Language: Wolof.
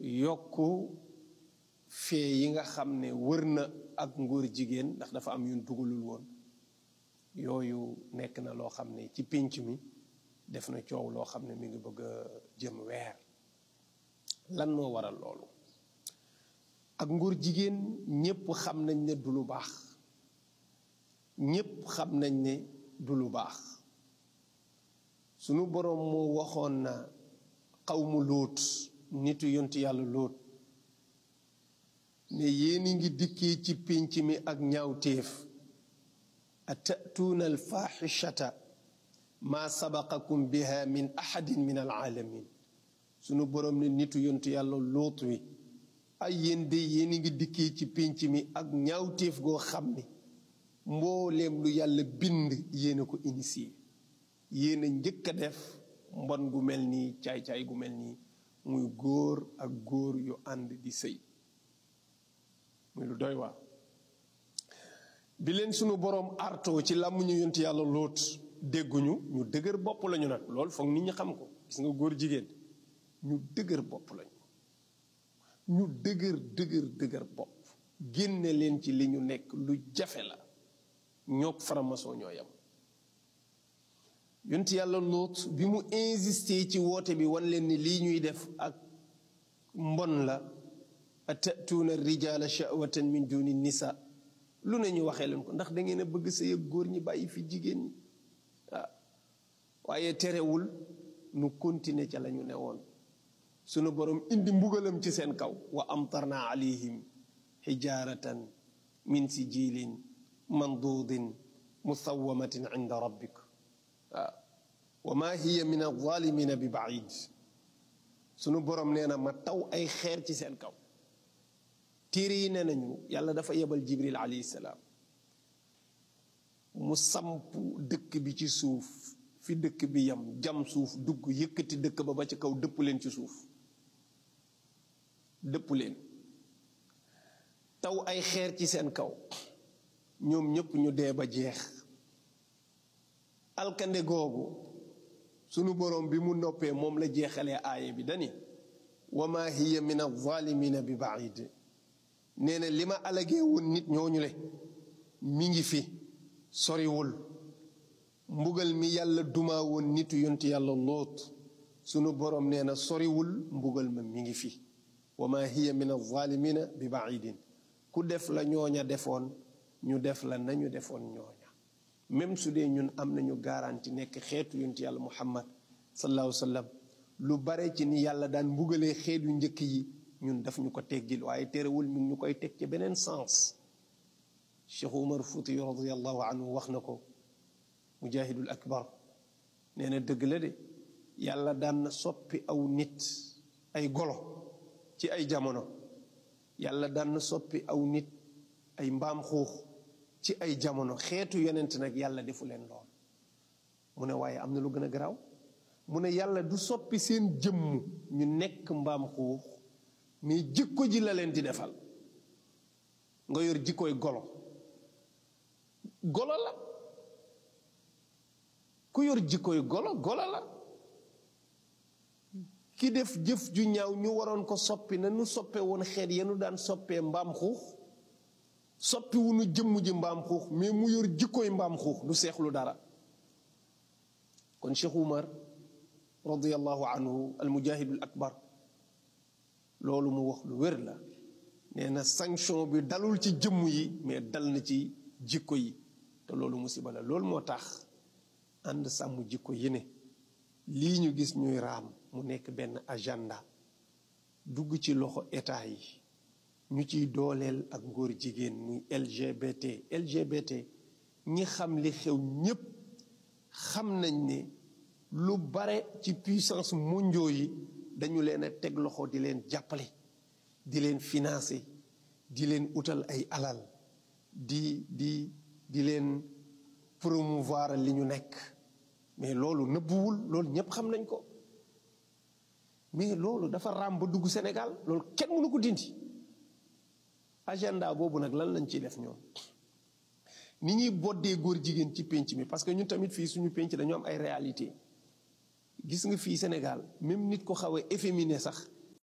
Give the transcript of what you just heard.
yokk fee yi nga xam ne wër na ak ngóor jigéen ndax dafa am yun dugalul woon yooyu nekk na loo xam ne ci pénc mi def na coow loo xam ne mu ngi bëgg a jëm weer lan moo waral loolu ak nguur jigéen ñépp xam nañ ne du lu baax ñépp xam nañ ne du lu baax sunu boroom moo waxoon na xawmu lóot nitu yontu yàlla lóot ne yéeni ngi dikkee ci pénc mi ak ñaawteef atatuuna alfaxishata maa sabaqakum biha min ahadin min alaalamin sunu borom ne nitu yontu yàlla lóot wi ay yéen de yéeni ngi dikkee ci pénc mi ak ñaawteef goo xam ni mbooleem lu yàlla bind yéen a ko initié yéen a njëkk a def mbon gu mel nii caay-caay gu mel nii muy góor ak góor yu ànd di sëy muy lu doy waar bi leen sunu boroom artoo ci làmmiñu yont yàlla loot dégguñu ñu dëgër bopp lañu nag lool foog nit ñi xam ko gis nga góor jigéen ñu dëgër bopp lañu ñu dëgër dëgër dëgër bopp génne leen ci li ñu nekk lu jafe la ñoog faramason ñoo yam yonent yàlla loot bi mu insister ci woote bi wan leen ni lii ñuy def ak mbon la atatuuna rijaala shahwatan min duni nisa lu ne ñu waxee leen ko ndax da ngeen a bëgg sëy ak góor ñi bàyyi fi jigéen waaye terewul nu continuer ca la ñu ne woon sunu boroom indi mbugalam ci seen kaw wa amtarna alayhim xijaaratan min sijilin mandudin musawamatin inda rabbik waaw wa ma hiya min alzalimina bi baid sunu borom nee na ma taw ay xeer ci seen kaw téere yi ne nañu yàlla dafa yebal jibril alayhi mu samp dëkk bi ci suuf fi dëkk bi yam jam suuf dugg yëkkati dëkk ba ba ci kaw dëpp leen ci suuf dëpp leen taw ay xeer ci seen kaw ñoom ñëpp ñu dee ba jeex alkande googu sunu borom bi mu noppee moom la jeexalee aaya bi dani wa ma hiya min alzalimina bi baid nee na li ma nit ñooñu le mi ngi fi soriwul mbugal mi yàlla dumaa woon nitu yonti yàlla lot sunu borom nee na soriwul mbugal ma mi ngi fi wa ma hiya min alzalimina bi baidin ku def la ñooña defoon ñu def la nañu defoon ñooñ même su dee ñun am nañu garanti nekk xeetu yonti yàlla muhammad sallallahu sallam lu bare ci ni yàlla daan mbugalee xeet yu njëkk yi ñun daf ñu ko teggil waaye terewul mi ngi ñu koy teg ci beneen sens cheikh umar fouti radiallahu anhu wax na ko mujahidul akbar nee na dëgg la de yàlla daan na soppi aw nit ay golo ci ay jamono yàlla daan na soppi aw nit ay mbaam xuux ci ay jamono xeetu yonent nag yàlla defu leen lool mu ne waaye am na lu gën a garaaw mu ne yàlla du soppi seen jëmm ñu nekk mbaam xuux mais jikko ji la leen di defal nga yor jikkooy golo golo la ku yor jikkoy golo golo la ki def jëf ju ñaaw ñu waroon ko soppi na nu soppe woon xeet yenu daan soppee mbaam xuux soppi wunu jëmm ji mbaam xuux mais mu yor jikkoy mbaam xuux du seexlu dara kon Cheikh Umar radiallahu anhu almujahidul akbar loolu mu wax lu wér la nee na sanction bi dalul ci jëmm yi mais dal na ci jikko yi te loolu musiba la loolu moo tax ànd sàmm jikko yi ne lii ñu gis ñuy raam mu nekk benn agenda dugg ci loxo état yi ñu ciy dooleel ak ngóor jigéen muy LGBT LGBT ñi xam li xew ñépp xam nañ ne lu bare ci puissance mondiaux yi dañu leen a teg loxo di leen jàppale di leen financer di leen utal ay alal di di di leen promouvoir li ñu nekk mais loolu nëbbuwul loolu ñëpp xam nañ ko mais loolu dafa raam ba dugg senegal loolu kenn mënu ko dindi agenda boobu nag lan lañ ciy def ñoom ni ñuy boddee góor jigéen ci pénc mi parce que ñun tamit fii suñu pénc dañoo am ay réalité gis nga fii Sénégal même nit ko xaw a efféminé sax